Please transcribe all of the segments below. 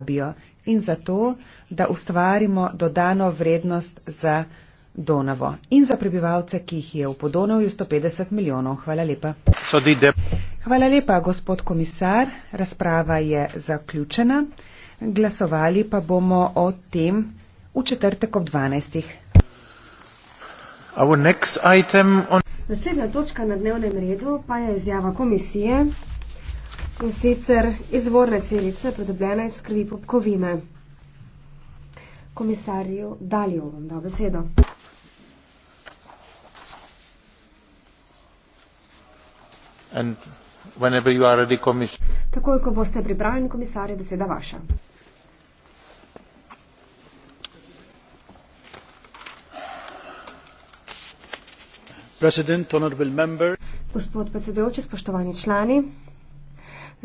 uporabijo in zato, da ustvarimo dodano vrednost za Donavo in za prebivalce, ki jih je v Podonavju 150 milijonov. Hvala lepa. Hvala lepa, gospod komisar. Razprava je zaključena. Glasovali pa bomo o tem v četrtek ob 12. On... Naslednja točka na dnevnem redu pa je izjava komisije in sicer izvorne celice, predobljene iz krvi popkovine. Komisarju Daljo vam da besedo. And whenever you are ready, Takoj, ko boste pripravljeni, komisar, je beseda vaša. President, honorable member. Gospod predsedujoči, spoštovani člani.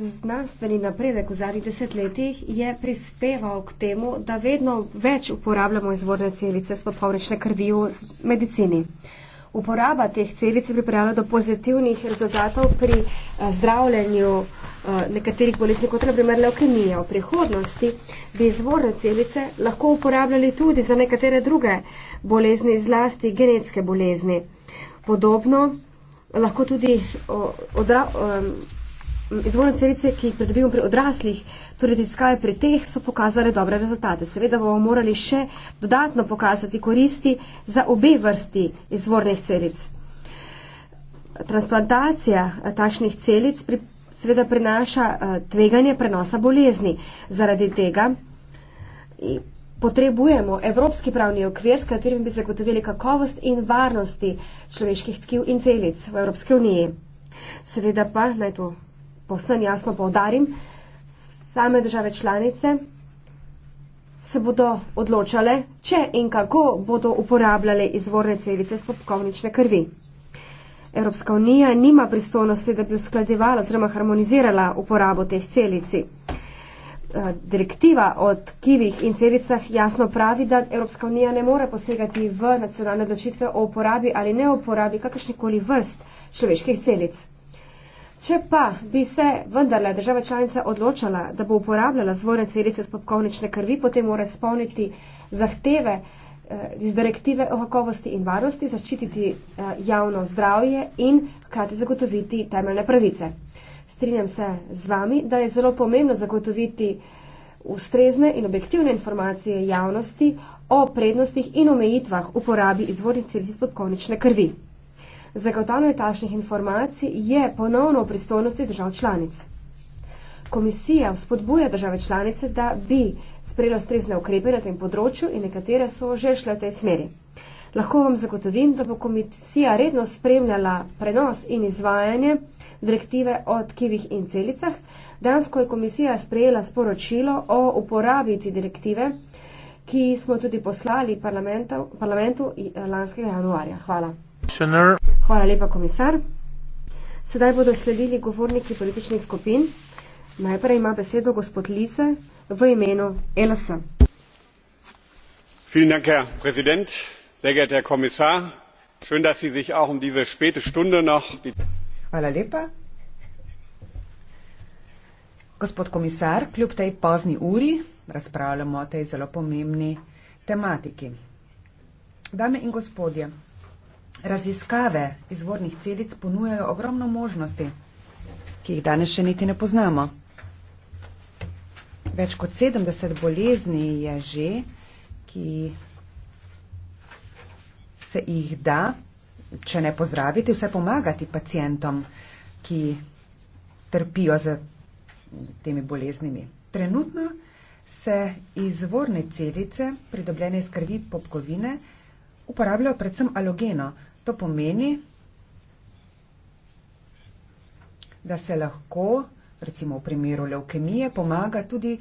Znanstveni napredek v zadnjih desetletjih je prispeval k temu, da vedno več uporabljamo izvorne celice spopovnične krvi v medicini. Uporaba teh celic je pripravila do pozitivnih rezultatov pri eh, zdravljenju eh, nekaterih bolezni, kot naprimer leukemija. V prihodnosti bi izvorne celice lahko uporabljali tudi za nekatere druge bolezni, zlasti genetske bolezni. Podobno lahko tudi odra, um, izvorne celice, ki jih pridobimo pri odraslih, torej raziskave pri teh, so pokazale dobre rezultate. Seveda bomo morali še dodatno pokazati koristi za obe vrsti izvornih celic. Transplantacija eh, takšnih celic pri, seveda prinaša eh, tveganje prenosa bolezni. Zaradi tega potrebujemo evropski pravni okvir, s katerim bi zagotovili kakovost in varnosti človeških tkiv in celic v Evropske unije. Seveda pa naj to povsem jasno povdarim, same države članice se bodo odločale, če in kako bodo uporabljale izvorne celice s popkovnične krvi. Evropska unija nima pristojnosti, da bi uskladevala oziroma harmonizirala uporabo teh celici. Eh, direktiva o tkivih in celicah jasno pravi, da Evropska unija ne more posegati v nacionalne odločitve o uporabi ali ne uporabi kakršnikoli vrst človeških celic. Če pa bi se vendarle država članica odločala, da bo uporabljala zvorne celice z popkovnične krvi, potem mora spolniti zahteve eh, iz direktive o kakovosti in varnosti, zaščititi eh, javno zdravje in hkrati zagotoviti temeljne pravice. Strinjam se z vami, da je zelo pomembno zagotoviti ustrezne in objektivne informacije javnosti o prednostih in omejitvah uporabi izvornih celic z popkovnične krvi zagotavljanje tašnih informacij je ponovno v pristojnosti držav članic. Komisija spodbuja države članice, da bi sprejela strezne ukrepe na tem področju in nekatere so že šle v tej smeri. Lahko vam zagotovim, da bo komisija redno spremljala prenos in izvajanje direktive o tkivih in celicah. Dansko je komisija sprejela sporočilo o uporabi te direktive, ki smo tudi poslali parlamentu eh, lanskega januarja. Hvala. Senor. Hvala lepa, komisar. Sedaj bodo sledili govorniki političnih skupin. Najprej ima besedo gospod Lise v imenu LS. Vielen Dank, Herr Präsident, sehr geehrter Herr Kommissar. Schön, dass Sie sich auch um diese späte Stunde noch. Die Hvala lepa. Gospod komisar, kljub tej pozni uri razpravljamo o tej zelo pomembni tematiki. Dame in gospodje, Raziskave izvornih celic ponujajo ogromno možnosti, ki jih danes še niti ne poznamo. Več kot 70 bolezni je že, ki se jih da, če ne pozdraviti, vse pomagati pacijentom, ki trpijo za temi boleznimi. Trenutno se izvorne celice, pridobljene iz krvi popkovine, uporabljajo predvsem alogeno, To pomeni, da se lahko, recimo v primeru leukemije, pomaga tudi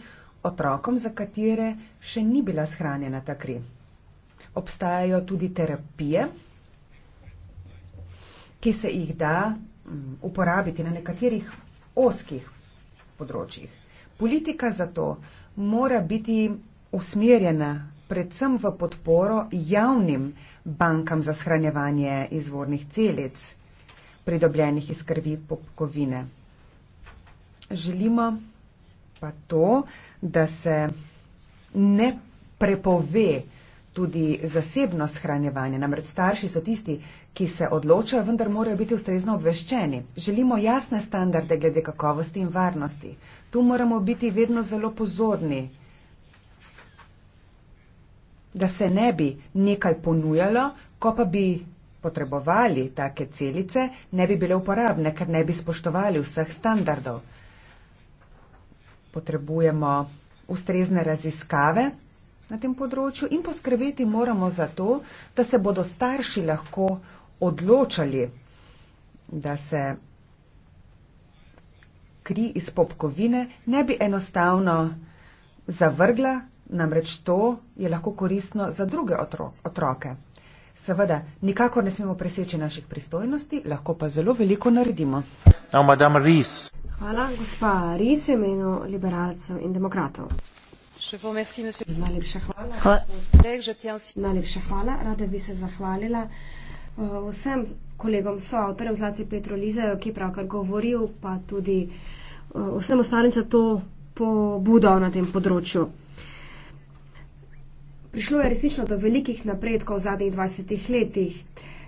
otrokom, za katere še ni bila shranjena ta kri. Obstajajo tudi terapije, ki se jih da mm, uporabiti na nekaterih oskih področjih. Politika zato mora biti usmerjena predvsem v podporo javnim bankam za shranjevanje izvornih celic, pridobljenih iz krvi popkovine. Želimo pa to, da se ne prepove tudi zasebno shranjevanje. Namreč starši so tisti, ki se odločajo, vendar morajo biti ustrezno obveščeni. Želimo jasne standarde glede kakovosti in varnosti. Tu moramo biti vedno zelo pozorni da se ne bi nekaj ponujalo, ko pa bi potrebovali take celice, ne bi bile uporabne, ker ne bi spoštovali vseh standardov. Potrebujemo ustrezne raziskave na tem področju in poskrbeti moramo za to, da se bodo starši lahko odločali, da se kri iz popkovine ne bi enostavno zavrgla Namreč to je lahko koristno za druge otroke. Seveda, nikakor ne smemo preseči naših pristojnosti, lahko pa zelo veliko naredimo. Now, Hvala, gospa Ries, imenu liberalcev in demokratov. Merci, Najlepša hvala. hvala. Najlepša hvala. Rada bi se zahvalila uh, vsem kolegom soavtorjem Zlati Petru Lizeju, ki pravkar govoril, pa tudi uh, vsem ostalim za to pobudo na tem področju. Prišlo je resnično do velikih napredkov v zadnjih 20 letih,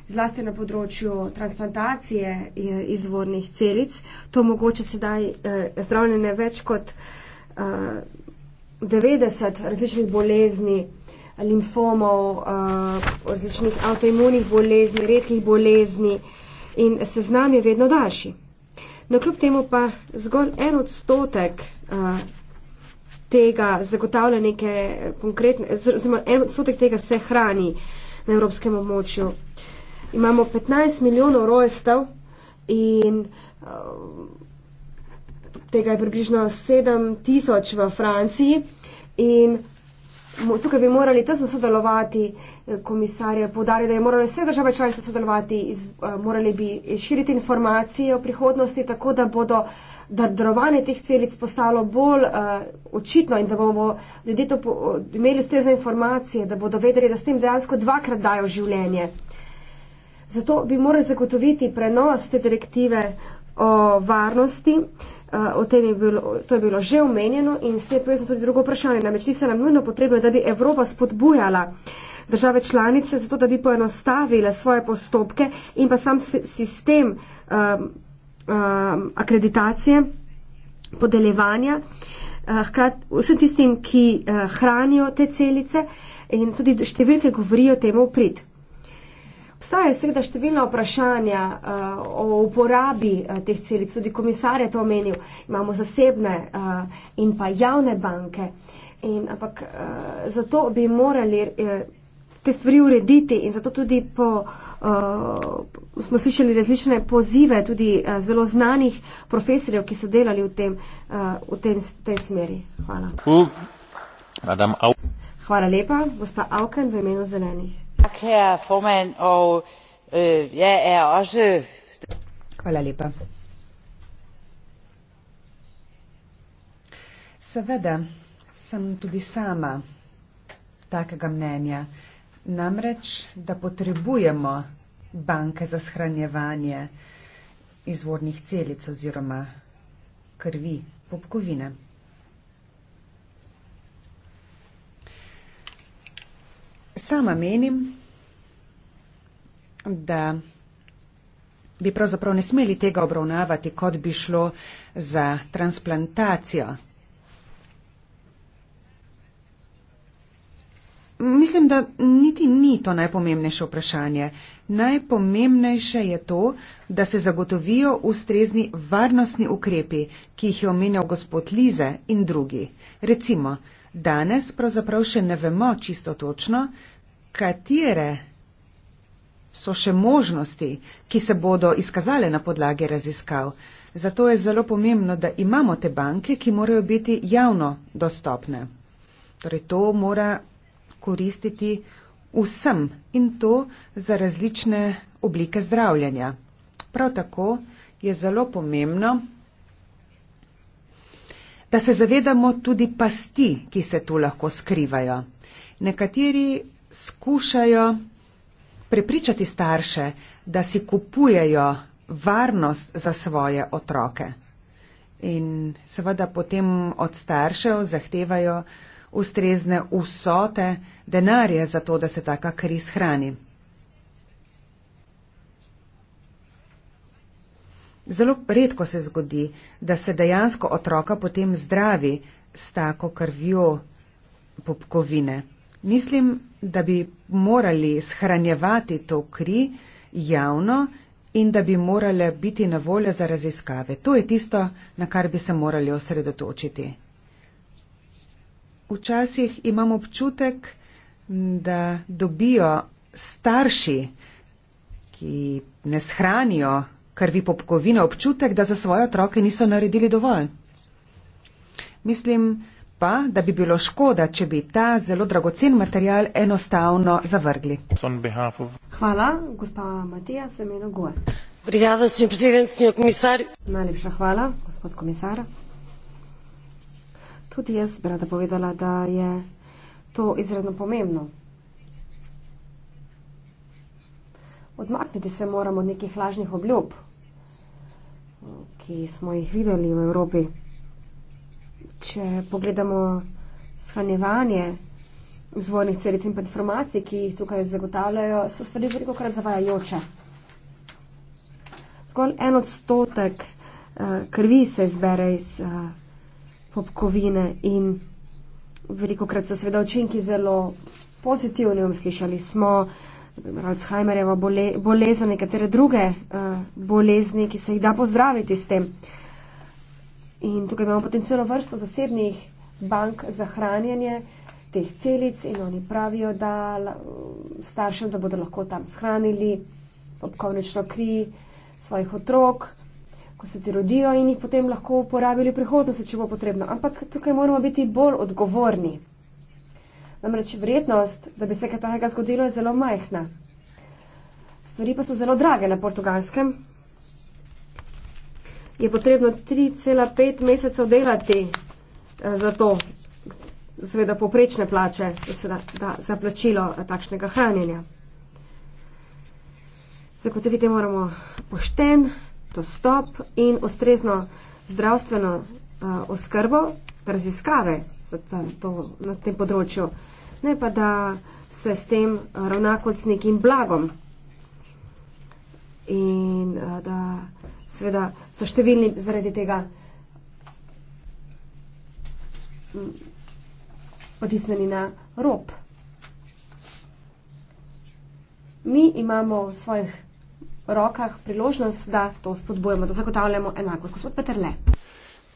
zlasti na področju transplantacije eh, izvornih celic. To mogoče sedaj eh, zdravljene več kot eh, 90 različnih bolezni, limfomov, eh, različnih avtoimunih bolezni, redkih bolezni in seznam je vedno daljši. No, kljub temu pa zgolj en odstotek. Eh, tega zagotavlja neke konkretne, oziroma en odstotek tega se hrani na evropskem območju. Imamo 15 milijonov rojstev in uh, tega je približno 7 tisoč v Franciji in tukaj bi morali tesno sodelovati, eh, komisarje podarijo, da je morali vse države članice sodelovati, iz, eh, morali bi širiti informacije o prihodnosti, tako da bodo darovanje teh celic postalo bolj uh, očitno in da bomo ljudje to imeli ustrezne informacije, da bodo vedeli, da s tem dejansko dvakrat dajo življenje. Zato bi morali zagotoviti prenos te direktive o varnosti. Uh, Eh, o tem je bilo, to je bilo že omenjeno in s tem je povezano tudi drugo vprašanje. Namreč ti se nam nujno potrebno, da bi Evropa spodbujala države članice, zato da bi poenostavile svoje postopke in pa sam sistem um, um, akreditacije, podeljevanja, uh, hkrat vsem tistim, ki uh, hranijo te celice in tudi številke govorijo temu prid. Obstajajo seveda številna vprašanja uh, o uporabi uh, teh celic, tudi komisar je to omenil, imamo zasebne uh, in pa javne banke. In, ampak uh, zato bi morali. Uh, te stvari urediti in zato tudi po, uh, smo slišali različne pozive tudi uh, zelo znanih profesorjev, ki so delali v, tem, uh, v tem, tej smeri. Hvala. Hm. Hvala lepa, gospa Auken, v imenu zelenih. Øh, er Seveda sem tudi sama takega mnenja. Namreč, da potrebujemo banke za shranjevanje izvornih celic oziroma krvi, popkovine. sama menim, da bi pravzaprav ne smeli tega obravnavati, kot bi šlo za transplantacijo. Mislim, da niti ni to najpomembnejše vprašanje. Najpomembnejše je to, da se zagotovijo ustrezni varnostni ukrepi, ki jih je omenjal gospod Lize in drugi. Recimo, danes pravzaprav še ne vemo čisto točno, katere so še možnosti, ki se bodo izkazale na podlagi raziskav. Zato je zelo pomembno, da imamo te banke, ki morajo biti javno dostopne. Torej, to mora koristiti vsem in to za različne oblike zdravljanja. Prav tako je zelo pomembno, da se zavedamo tudi pasti, ki se tu lahko skrivajo. Nekateri skušajo prepričati starše, da si kupujejo varnost za svoje otroke. In seveda potem od staršev zahtevajo ustrezne vsote denarja za to, da se taka kriz hrani. Zelo redko se zgodi, da se dejansko otroka potem zdravi s tako krvjo popkovine. Mislim, da bi morali shranjevati to kri javno in da bi morale biti na voljo za raziskave. To je tisto, na kar bi se morali osredotočiti. Včasih imam občutek, da dobijo starši, ki ne shranijo krvi popkovine, občutek, da za svoje otroke niso naredili dovolj. Mislim, da pa, da bi bilo škoda, če bi ta zelo dragocen material enostavno zavrgli. Hvala, gospa Matija, sem eno gore. Prijava, sem predsednik, sem komisar. Najlepša hvala, gospod komisar. Tudi jaz bi rada povedala, da je to izredno pomembno. Odmakniti se moramo od nekih lažnih obljub, ki smo jih videli v Evropi če pogledamo shranjevanje vzvodnih celic in informacij, ki jih tukaj zagotavljajo, so stvari veliko krat zavajajoče. Zgolj en odstotek eh, krvi se izbere iz eh, popkovine in veliko krat so seveda učinki zelo pozitivni, omslišali smo, Alzheimerjeva bolezen, nekatere druge eh, bolezni, ki se jih da pozdraviti s tem. In tukaj imamo potencijalno vrsto zasebnih bank za hranjenje teh celic in oni pravijo, da staršem, da bodo lahko tam shranili popkovnično kri svojih otrok, ko se ti rodijo in jih potem lahko uporabili v prihodnosti, če bo potrebno. Ampak tukaj moramo biti bolj odgovorni. Namreč vrednost, da bi se kaj takega zgodilo, je zelo majhna. Stvari pa so zelo drage na portugalskem, je potrebno 3,5 mesecev delati eh, za to, seveda poprečne plače, da se da, da za plačilo eh, takšnega hranjenja. Zagotoviti moramo pošten dostop in ustrezno zdravstveno uh, oskrbo, raziskave za ta, to, na tem področju, ne pa da se s tem ravna kot z nekim blagom. In uh, da seveda so številni zaradi tega potisneni mm, na rob. Mi imamo v svojih rokah priložnost, da to spodbujemo, da zagotavljamo enakost. Gospod Peterle.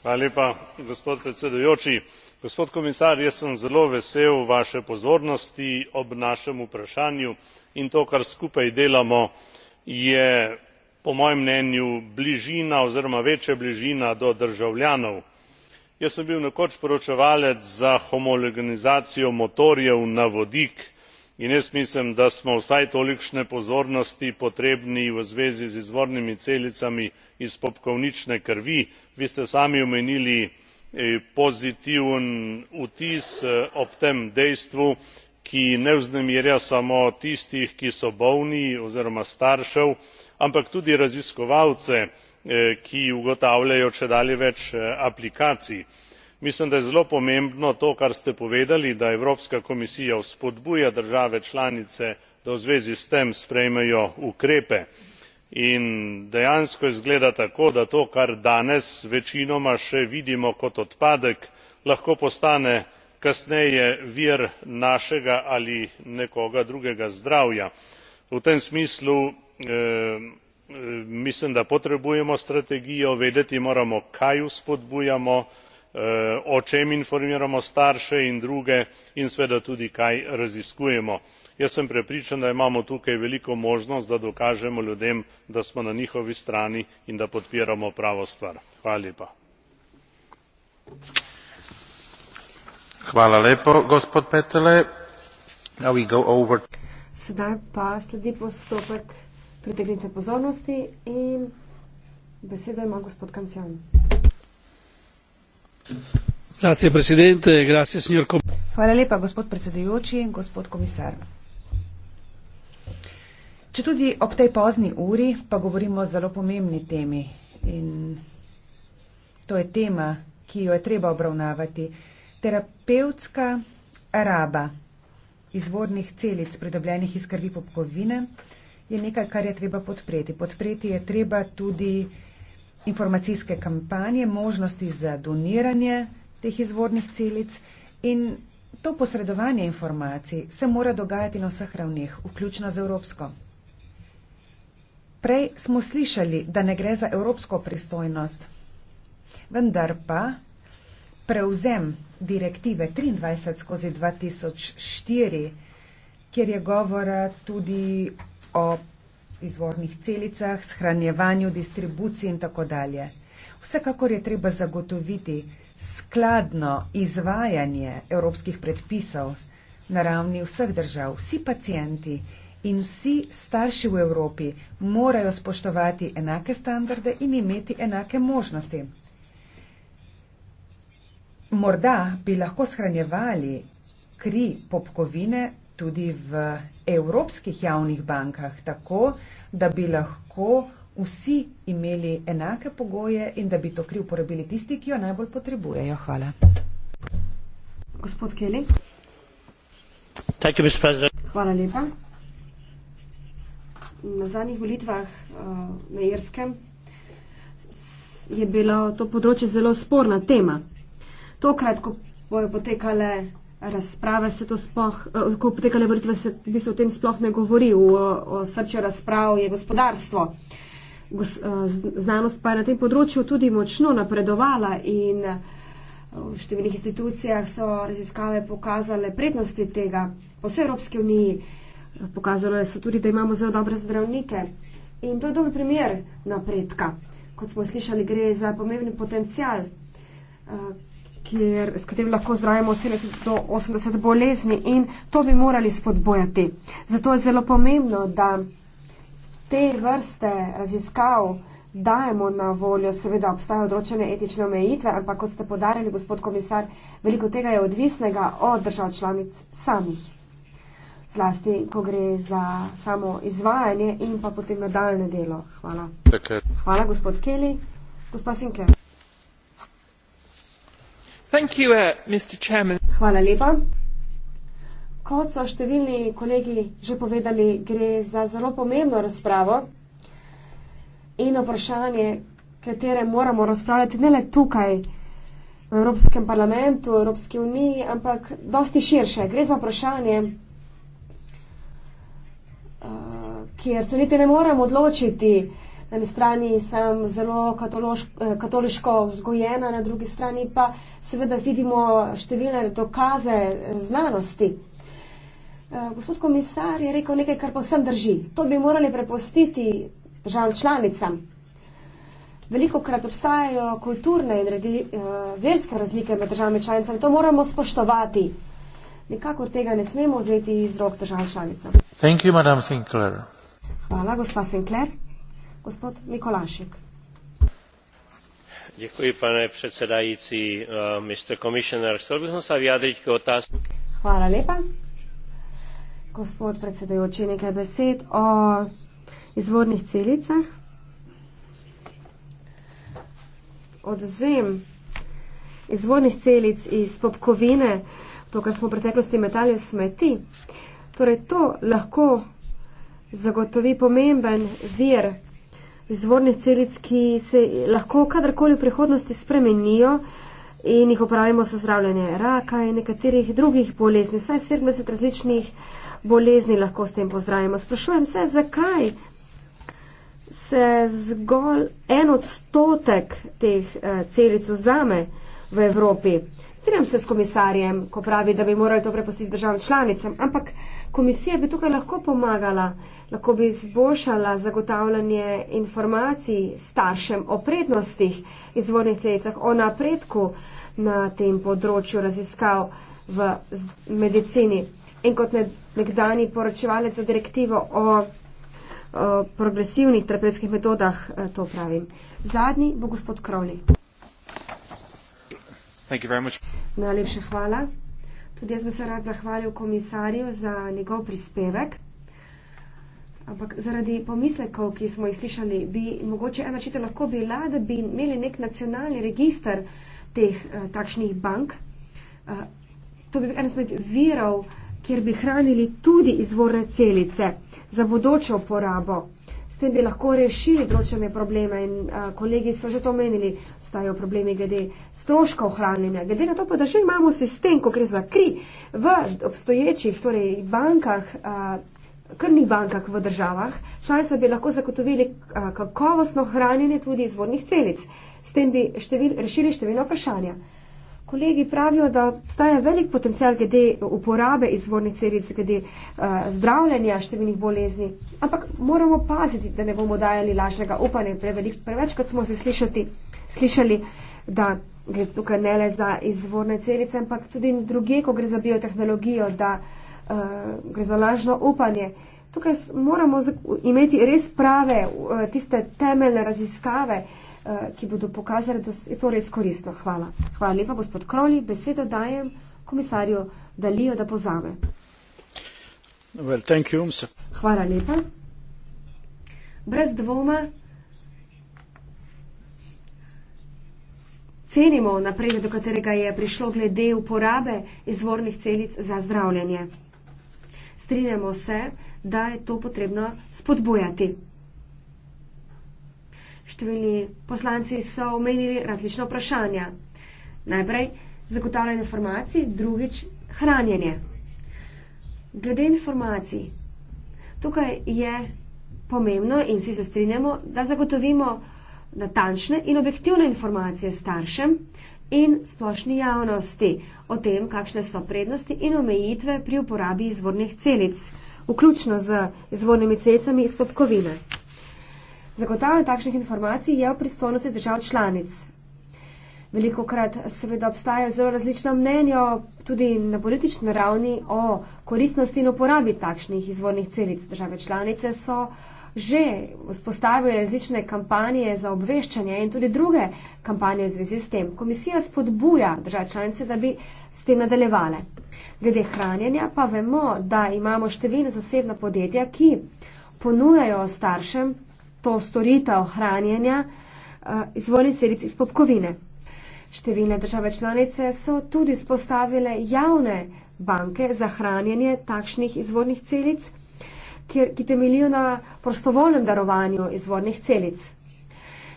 Hvala lepa, gospod predsedujoči. Gospod komisar, jaz sem zelo vesel vaše pozornosti ob našem vprašanju in to, kar skupaj delamo, je po mojem mnenju bližina oziroma večja bližina do državljanov. jaz sem bil nekoč poročevalec za homologacijo motorjev na vodik in jaz mislim da smo vsaj tolikšne pozornosti potrebni v zvezi z izvornimi celicami iz popkovnične krvi. vi ste sami omenili eh, pozitiven vtis eh, ob tem dejstvu ki ne vznemirja samo tistih ki so bolni oziroma staršev ampak tudi raziskovalce eh, ki ugotavljajo čedalje več eh, aplikacij. mislim da je zelo pomembno to kar ste povedali da evropska komisija vzpodbuja države članice da v zvezi s tem sprejmejo ukrepe in dejansko izgleda tako da to kar danes večinoma še vidimo kot odpadek lahko postane kasneje vir našega ali nekoga drugega zdravja. v tem smislu eh, eh, mislim da potrebujemo strategijo vedeti moramo kaj vzpodbujamo eh, o čem informiramo starše in druge in seveda tudi kaj raziskujemo. jaz sem prepričan da imamo tukaj veliko možnost da dokažemo ljudem da smo na njihovi strani in da podpiramo pravo stvar. Sedaj pa sledi postopek pritegnitve pozornosti in besedo ima gospod Kancel. Hvala lepa, gospod predsedujoči, gospod komisar. Če tudi ob tej pozni uri, pa govorimo o zelo pomembni temi in to je tema, ki jo je treba obravnavati terapevtska raba izvornih celic, pridobljenih iz krvi popkovine, je nekaj, kar je treba podpreti. Podpreti je treba tudi informacijske kampanje, možnosti za doniranje teh izvornih celic in to posredovanje informacij se mora dogajati na vseh ravneh, vključno z Evropsko. Prej smo slišali, da ne gre za evropsko pristojnost, vendar pa prevzem direktive 23 skozi 2004, kjer je govora tudi o izvornih celicah, shranjevanju, distribuciji in tako dalje. Vsekakor je treba zagotoviti skladno izvajanje evropskih predpisov na ravni vseh držav. Vsi pacijenti in vsi starši v Evropi morajo spoštovati enake standarde in imeti enake možnosti. Morda bi lahko shranjevali kri popkovine tudi v evropskih javnih bankah, tako da bi lahko vsi imeli enake pogoje in da bi to kri uporabili tisti, ki jo najbolj potrebujejo. Hvala. Gospod Kelly. Hvala lepa. Na zadnjih volitvah eh, na Irskem je bilo to področje zelo sporna tema tokrat, ko bojo potekale razprave, se to sploh, eh, ko potekale volitve, se v bistvu o tem sploh ne govori. V, o srču razprav je gospodarstvo. Eh, znanost pa je na tem področju tudi močno napredovala in eh, v številnih institucijah so raziskave pokazale prednosti tega po vsej Evropski uniji. Pokazalo je tudi, da imamo zelo dobre zdravnike. In to je dober primer napredka. Kot smo slišali, gre za pomemben potencial, kjer, s katerim lahko zdravimo 70 do 80 bolezni in to bi morali spodbojati. Zato je zelo pomembno, da te vrste raziskav dajemo na voljo, seveda obstajajo odročene etične omejitve, ampak kot ste podarili, gospod komisar, veliko tega je odvisnega od držav članic samih. Zlasti, ko gre za samo izvajanje in pa potem nadaljne delo. Hvala. Hvala, gospod Kelly. Gospod Sinkler. Uh, Hvala lepa. Kot so številni kolegi že povedali, gre za zelo pomembno razpravo in vprašanje, katere moramo razpravljati ne le tukaj v Evropskem parlamentu, v Evropski uniji, ampak dosti širše. Gre za vprašanje, uh, kjer se niti ne moremo odločiti, na eni strani sem zelo eh, katoliško vzgojena, na drugi strani pa seveda vidimo številne dokaze eh, znanosti. Eh, gospod komisar je rekel nekaj, kar posem drži. To bi morali prepustiti državam članicam. Veliko krat obstajajo kulturne in verske razlike med državami članicami. To moramo spoštovati. Nikakor tega ne smemo vzeti iz rok državam članicam. Hvala, gospa Sinclair gospod mikolášek. Ďakujem, pane predsedajúci, eh, Mr. Commissioner. Chcel by som sa vyjadriť k otázke. Hvala lepa. Gospod predsedajúci, nekaj besed o izvornih celicah. Odzem izvornih celic iz popkovine, to, kar smo v preteklosti metali v smeti, torej to lahko zagotovi pomemben vir izvornih celic, ki se lahko kadarkoli v prihodnosti spremenijo in jih upravimo za zdravljanje raka in nekaterih drugih bolezni, saj 70 različnih bolezni lahko s tem pozdravimo. Sprašujem se, zakaj se zgolj en odstotek teh eh, celic vzame v Evropi. Strem se s komisarjem, ko pravi, da bi morali to prepustiti državam članicam, ampak komisija bi tukaj lahko pomagala, lahko bi zboljšala zagotavljanje informacij staršem o prednostih izvornih celicah, o napredku na tem področju raziskav v medicini. In kot nekdani poročevalec za direktivo o, o progresivnih terapevtskih metodah, eh, to pravim. Zadnji bo gospod Kroli. Najlepša hvala. Tudi jaz bi se rad zahvalil komisarju za njegov prispevek. Ampak zaradi pomislekov, ki smo jih slišali, bi mogoče ena čita lahko bila, da bi imeli nek nacionalni registr teh eh, takšnih bank. Eh, to bi bil en izmed virov, kjer bi hranili tudi izvorne celice za bodočo uporabo s tem bi lahko rešili določene probleme in a, eh, kolegi so že to omenili, stajo problemi glede stroška ohranjanja, glede na to pa, da še imamo sistem, ko gre za kri v obstoječih, torej bankah, a, eh, krnih bankah v državah, članica bi lahko zagotovili eh, kakovostno hranjenje tudi izvornih celic. S tem bi števil, rešili številno vprašanje. Kolegi pravijo, da obstaja velik potencial glede uporabe izvornih celic, glede uh, zdravljenja številnih bolezni, ampak moramo paziti, da ne bomo dajali lažnega upanja. Prevelik, preveč, kot smo se slišati, slišali, da gre tukaj ne le za izvorne celice, ampak tudi druge, ko gre za biotehnologijo, da uh, gre za lažno upanje. Tukaj moramo imeti res prave, uh, tiste temeljne raziskave, uh, Eh, ki bodo pokazali, da je to res koristno. Hvala. Hvala lepa, gospod Kroli. Besedo dajem komisarju Dalijo, da pozame. Well, thank you, Hvala lepa. Brez dvoma cenimo napredek, do katerega je prišlo glede uporabe izvornih celic za zdravljenje. Strinjamo se, da je to potrebno spodbujati. Številni poslanci so omenili različna vprašanja. Najprej zagotavljanje informacij, drugič hranjenje. Glede informacij, tukaj je pomembno in vsi se strinjamo, da zagotovimo natančne in objektivne informacije staršem in splošni javnosti o tem, kakšne so prednosti in omejitve pri uporabi izvornih celic, vključno z izvornimi celicami iz popkovine. Zagotavljanje takšnih informacij je v pristojnosti držav članic. Veliko krat seveda obstajajo zelo različna mnenja, tudi na politični ravni, o koristnosti in uporabi takšnih izvornih celic. Države članice so že vzpostavile različne kampanje za obveščanje in tudi druge kampanje v zvezi s tem. Komisija spodbuja države članice, da bi s tem nadaljevale. Glede hranjenja pa vemo, da imamo številne zasebna podjetja, ki ponujajo staršem to storitev hranjenja eh, izvorni celic iz popkovine. Številne države članice so tudi spostavile javne banke za hranjenje takšnih izvornih celic, kjer, ki temelijo na prostovoljnem darovanju izvornih celic.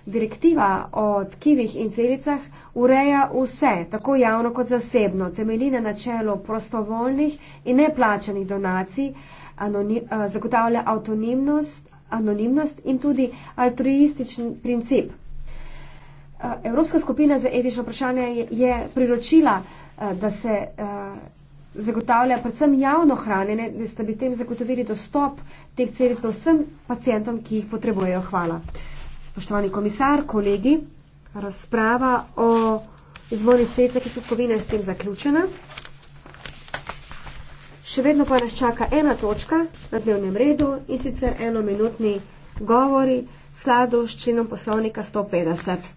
Direktiva o tkivih in celicah ureja vse, tako javno kot zasebno, temelji na načelu prostovoljnih in neplačanih donacij, anonim, eh, zagotavlja avtonimnost anonimnost in tudi altruističen princip. Eh, Evropska skupina za etično vprašanje je priročila, eh, da se eh, zagotavlja predvsem javno hranjenje, da ste bi tem zagotovili dostop teh celic vsem pacijentom, ki jih potrebujejo. Hvala. Poštovani komisar, kolegi, razprava o izvoljnih celicah iz kupovine je s tem zaključena. Še vedno pa nas čaka ena točka na dnevnem redu in sicer enominutni govori s sladoščinom poslovnika 150.